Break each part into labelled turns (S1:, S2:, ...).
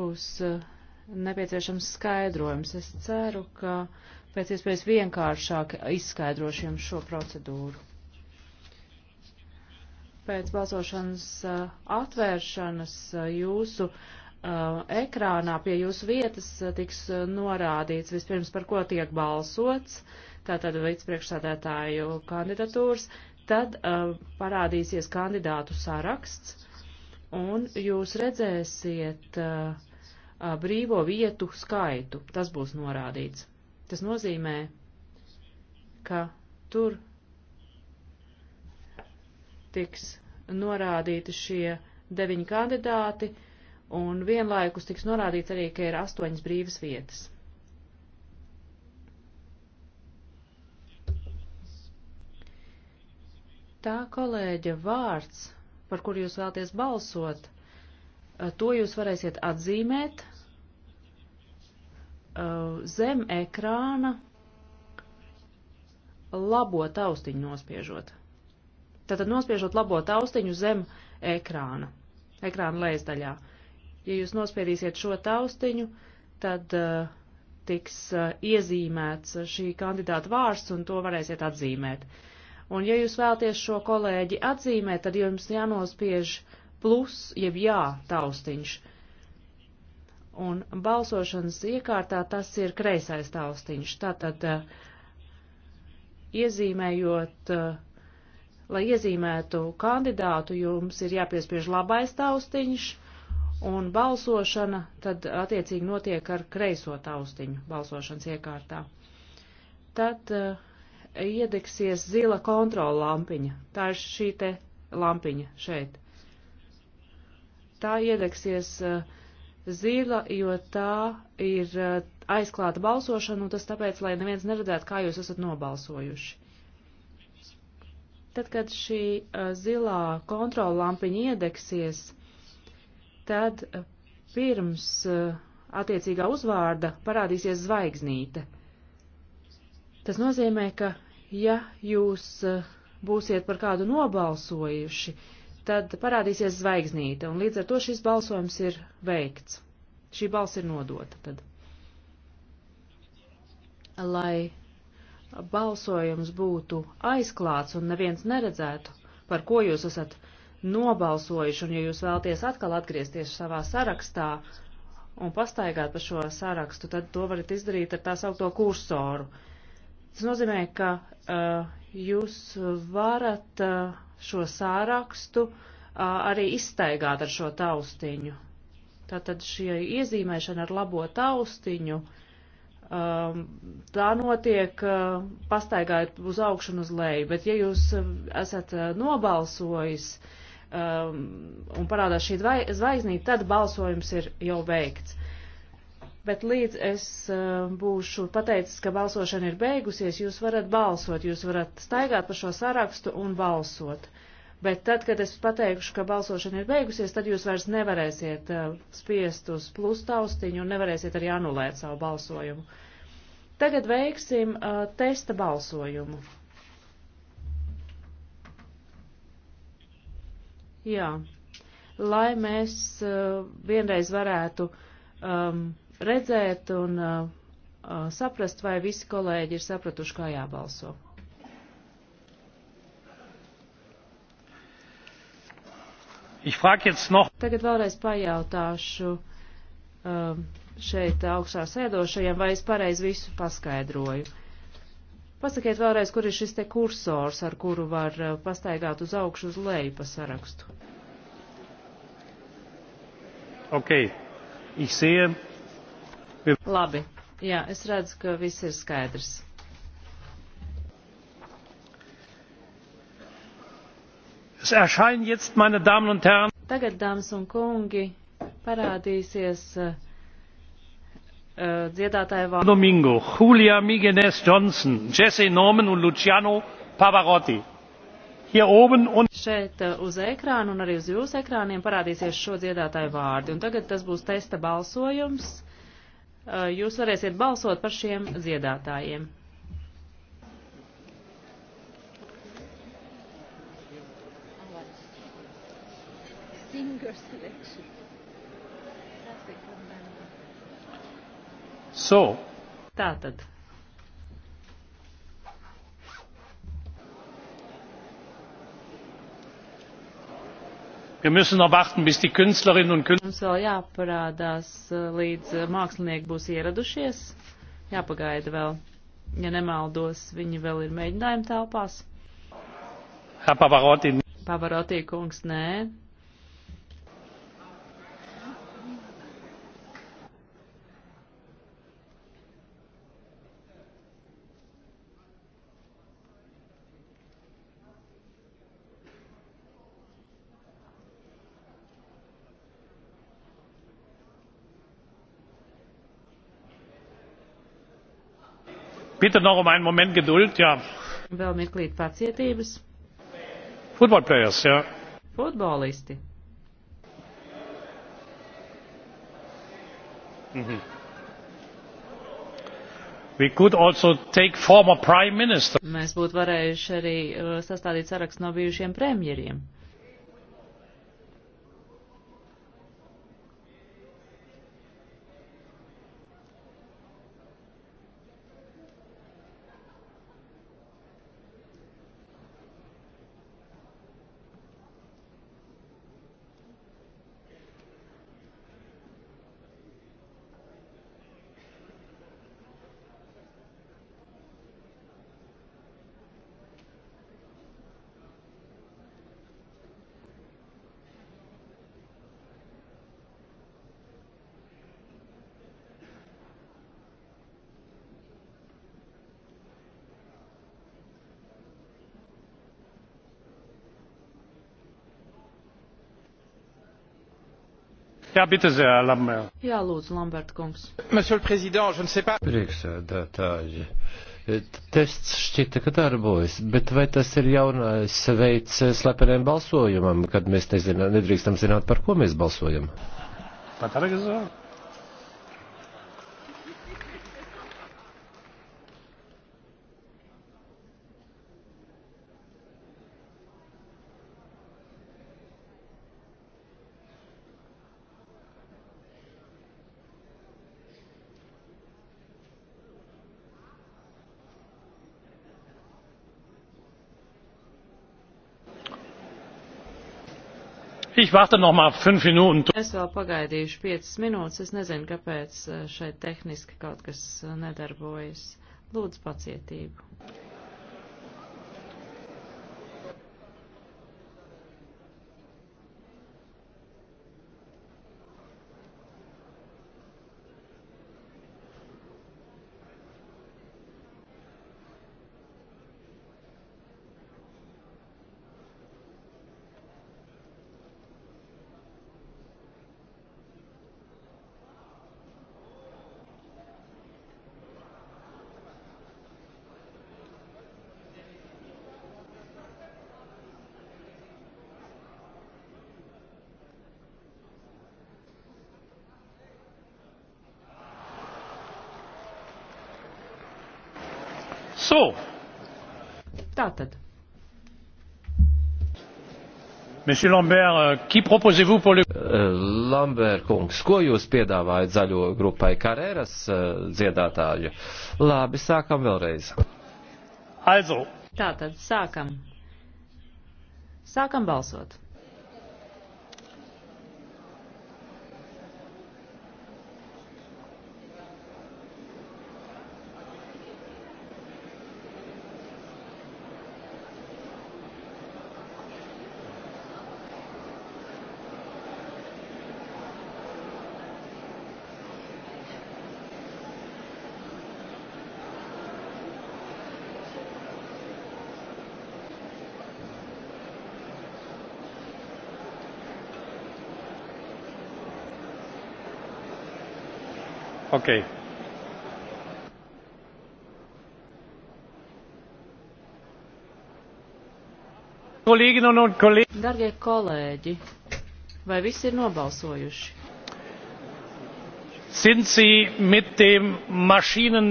S1: būs nepieciešams skaidrojums. Es ceru, ka pēc iespējas vienkāršāk izskaidrošu jums šo procedūru. Pēc balsošanas atvēršanas jūsu ekrānā pie jūsu vietas tiks norādīts vispirms, par ko tiek balsots, tātad vicepriekšsādētāju kandidatūras, tad parādīsies kandidātu saraksts un jūs redzēsiet uh, uh, brīvo vietu skaitu. Tas būs norādīts. Tas nozīmē, ka tur tiks norādīti šie deviņi kandidāti, un vienlaikus tiks norādīts arī, ka ir astoņas brīvas vietas. Tā kolēģa vārds par kuru jūs vēlaties balsot, eh, to jūs varēsiet atzīmēt eh, zem ekrāna labo taustiņu nospiežot. Tātad nospiežot labo taustiņu zem ekrāna, ekrāna lejasdaļā. Ja jūs nospiedīsiet šo taustiņu, tad uh, tiks uh, iezīmēts šī kandidāta vārds un to varēsiet atzīmēt. Uh, Un ja jūs vēlties šo kolēģi atzīmēt, tad jums jānospiež plus jeb jā taustiņš. Un balsošanas iekārtā tas ir kreisais taustiņš. Tātad eh, iezīmējot, eh, lai iezīmētu kandidātu, jums ir jāpiespiež labais taustiņš un balsošana tad attiecīgi notiek ar kreiso taustiņu balsošanas iekārtā. Tad uh, iedegsies zila kontrola lampiņa. Tā ir šī te lampiņa šeit. Tā iedegsies uh, zila, jo tā ir uh, aizklāta balsošana, un tas tāpēc, lai neviens neredzētu, kā jūs esat nobalsojuši. Tad, kad šī uh, zilā kontrola lampiņa iedegsies, tad pirms attiecīgā uzvārda parādīsies zvaigznīte. Tas nozīmē, ka ja jūs eh, būsiet par kādu nobalsojuši, tad parādīsies zvaigznīte, un līdz ar to šis balsojums ir veikts. Šī balss ir nodota tad. Lai balsojums būtu aizklāts un neviens neredzētu, par ko jūs esat nobalsojuši, un ja jūs vēlties atkal atgriezties savā sarakstā un pastaigāt pa šo sarakstu, tad to varat izdarīt ar tā saukto kursoru. Uh, Tas nozīmē, ka uh, jūs varat uh, šo sārakstu uh, arī izstaigāt ar šo taustiņu. Tātad šī iezīmēšana ar labo taustiņu, um, tā notiek uh, pastaigājot uz augšu un uz leju, bet ja jūs esat uh, nobalsojis um, un parādās šī zvaigznīte, tad balsojums ir jau veikts bet līdz es uh, būšu pateicis, ka balsošana ir beigusies, jūs varat balsot, jūs varat staigāt pa šo sarakstu un balsot. Bet tad, kad es pateikšu, ka balsošana ir beigusies, tad jūs vairs nevarēsiet uh, spiest uz plus taustiņu un nevarēsiet arī anulēt savu balsojumu. Tagad veiksim uh, testa balsojumu. Jā, lai mēs uh, vienreiz varētu um, redzēt un uh, uh, saprast, vai visi kolēģi ir sapratuši, kā jābalso. Noch... Tagad vēlreiz pajautāšu uh, šeit augšā sēdošajiem, vai es pareizi visu paskaidroju. Pasakiet vēlreiz, kur ir šis te kursors, ar kuru var uh, pastaigāt uz augšu uz leju pa sarakstu.
S2: Okay. Ich sehe Labi,
S1: jā, es redzu,
S2: ka viss ir skaidrs.
S1: Tagad, dāmas un kungi, parādīsies uh, dziedātāja vārds. Domingo,
S2: Julia Migenes Johnson, Jesse Norman un Luciano Pavarotti. Un...
S1: Šeit uh, uz ekrāna un arī uz jūsu ekrāniem parādīsies šo dziedātāju vārdi. Un tagad tas būs testa balsojums. Eh, jūs varēsiet balsot par šiem dziedātājiem.
S2: So. Tātad. Wir müssen noch warten, bis die Künstlerinnen un... un... un... un... un... un... un... un...
S1: un... un... Mums vēl jāparādās, eh, līdz eh, mākslinieki būs ieradušies. Jāpagaida vēl. Ja nemaldos, viņi vēl ir mēģinājuma telpās.
S2: Pavarotī.
S1: Pavarotī kungs, nē.
S2: bitte noch um einen moment geduld ja
S1: vēl mirklīt pacietības
S2: football players ja futbolisti mhm. We could also take former prime minister.
S1: Mēs būtu varējuši arī uh, sastādīt sarakstu no bijušiem premjeriem.
S2: Jā, bitte sehr, Herr Lambert.
S1: Jā, lūdzu, Lambert kungs.
S2: Monsieur le Président, je ne sais pas. Priekšsēdētāji. Tests šķita, ka darbojas, bet vai tas ir jaunais veids slepeniem balsojumam, kad mēs nezinā, nedrīkstam zināt, par ko mēs balsojam? Pataragazā. Ich warte noch mal fünf Minuten. Es
S1: vēl pagaidīšu piecas minūtes. Es nezinu, kāpēc eh, šeit tehniski kaut kas eh, nedarbojas. Lūdzu pacietību.
S2: So. Tātad. Monsieur Lambert, euh, qui proposez-vous pour le... Euh, Lambert kungs, ko jūs piedāvājat zaļo grupai karēras euh, dziedātāju?
S1: Labi, sākam vēlreiz. Also. Tātad, sākam. Sākam balsot. Okay. Kolēģinu un kolēģi. Dargie kolēģi, vai visi ir nobalsojuši?
S2: Sind Sie mit dem Maschinen?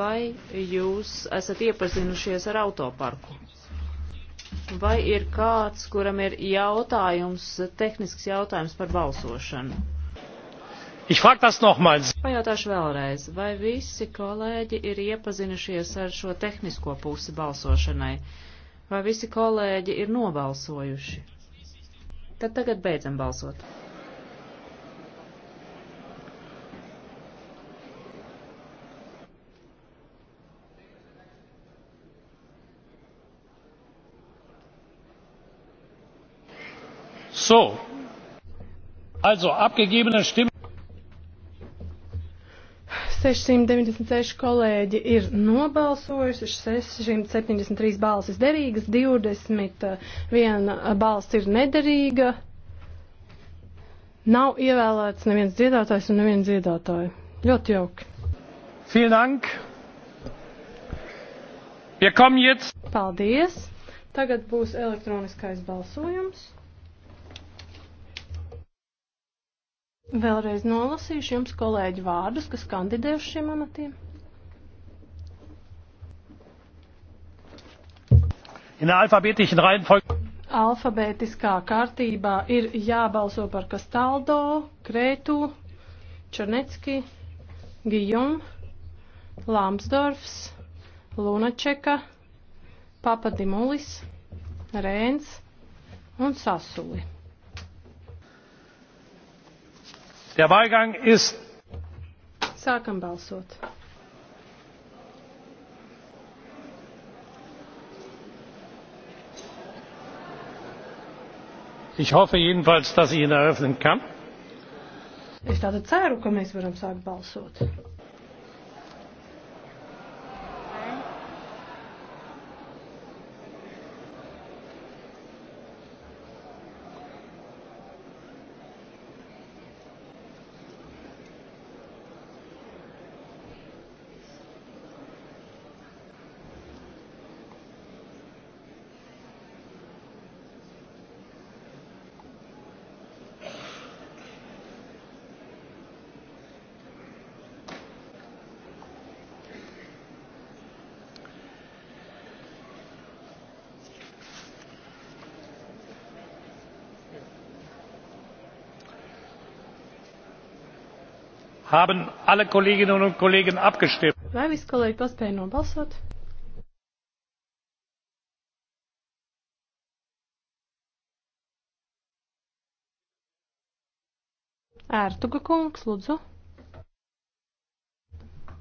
S1: Vai jūs esat iepazinušies ar autoparku? Vai ir kāds, kuram ir jautājums, tehnisks jautājums par balsošanu?
S2: Pajautāšu
S1: vēlreiz, vai visi kolēģi ir iepazinušies ar šo tehnisko pusi balsošanai? Vai visi kolēģi ir nobalsojuši? Tad tagad beidzam balsot.
S2: So, also abgegebene Stimmen.
S3: 696 kolēģi ir nobalsojuši, 673 balsis derīgas, 21 balss ir nederīga. Nav ievēlēts neviens dziedātājs un neviens dziedātāja. Ļoti jauki. Vielen Dank.
S2: Wir kommen jetzt.
S3: Paldies. Tagad būs elektroniskais balsojums. Vēlreiz nolasīšu jums kolēģi vārdus, kas kandidējuši šiem amatiem. Alfabētiskā kārtībā ir jābalso par Kastaldo, Krētu, Černecki, Gijum, Lamsdorfs, Lunačeka, Papadimulis, Rēns un Sasuli.
S2: Der Wahlgang ist.
S3: Sākam balsot.
S2: Ich hoffe jedenfalls, dass ich ihn eröffnen kann.
S3: Es tātad ceru, ka mēs varam sākt balsot.
S2: haben alle Kolleginnen und Kollegen abgestimmt?
S3: Vai visi kolēģi paspēja nobalsot? Ērtuga kungs, lūdzu.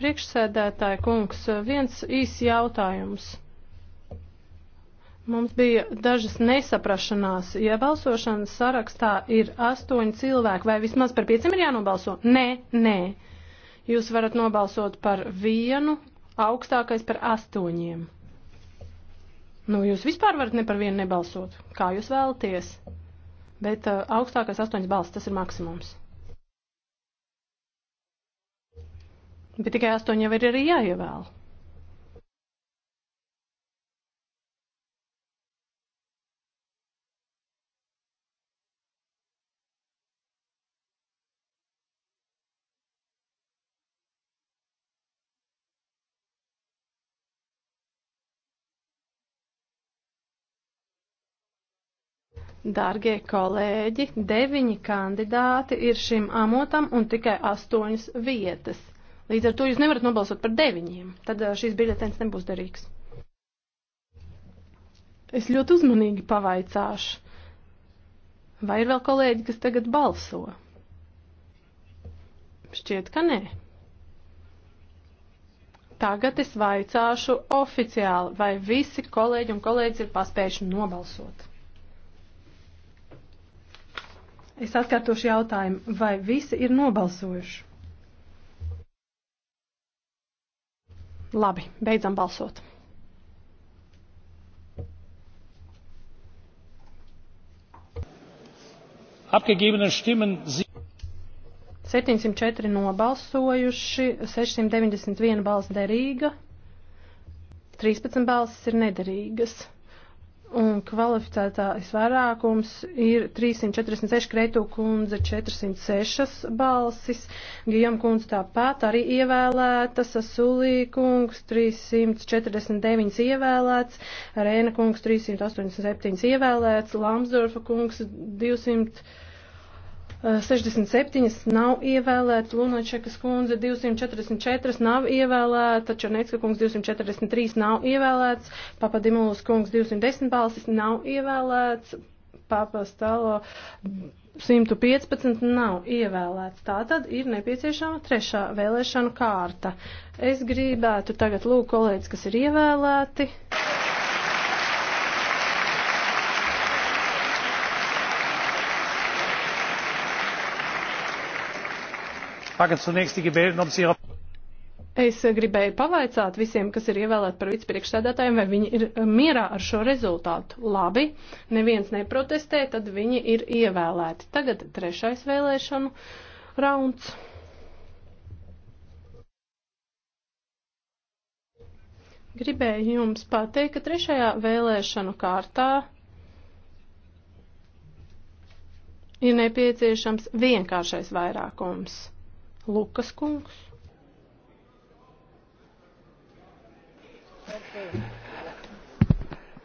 S3: Priekšsēdētāja kungs, viens īs jautājums. Mums bija dažas nesaprašanās. Ja balsošanas sarakstā ir astoņi cilvēki, vai vismaz par pieciem ir jānobalso? Nē, nē. Jūs varat nobalsot par vienu, augstākais par astoņiem. Nu, jūs vispār varat ne par vienu nebalsot, kā jūs vēlaties. Bet uh, augstākais astoņas balss, tas ir maksimums. Bet tikai astoņi jau ir arī jāievēl. Dārgie kolēģi, deviņi kandidāti ir šim amatam un tikai astoņas vietas. Līdz ar to jūs nevarat nobalsot par deviņiem, tad šīs biļetens nebūs derīgs. Es ļoti uzmanīgi pavaicāšu, vai ir vēl kolēģi, kas tagad balso? Šķiet, ka nē. Tagad es vaicāšu oficiāli, vai visi kolēģi un kolēģis ir paspējuši nobalsot. Es atkārtošu jautājumu, vai visi ir nobalsojuši? Labi, beidzam balsot.
S2: Abgegebene Stimmen
S3: 704 nobalsojuši, 691 balss derīga, 13 balss ir nederīgas. Un kvalificētājs vairākums ir 346 Kreitu kundze, 406 balsis, Gijam kundze tāpat arī ievēlētas, Sulī kungs 349 ievēlēts, Rēna kungs 387 ievēlēts, Lamsdorfa kungs 200. 67 eh, nav ievēlēta, Lunačekas kundze 244 nav ievēlēta, Černecka kungs 243 nav ievēlēts, Papadimulas kungs 210 balsis nav ievēlēts, Papastalo 115 nav ievēlēts. Tātad ir nepieciešama trešā vēlēšanu kārta. Es gribētu tagad lūk kolēģis, kas ir ievēlēti. Es gribēju pavaicāt visiem, kas ir ievēlēti par vicepriekšsēdētājiem, vai viņi ir eh, mierā ar šo rezultātu. Labi, neviens neprotestē, tad viņi ir ievēlēti. Tagad trešais vēlēšanu rauns. Gribēju jums pateikt, ka trešajā vēlēšanu kārtā ir nepieciešams vienkāršais vairākums. Lukas kungs.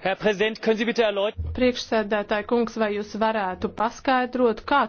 S2: Herr Präsident, können Sie bitte erläutern?
S3: Priekšsēdētāji kungs, vai jūs varētu paskaidrot, kā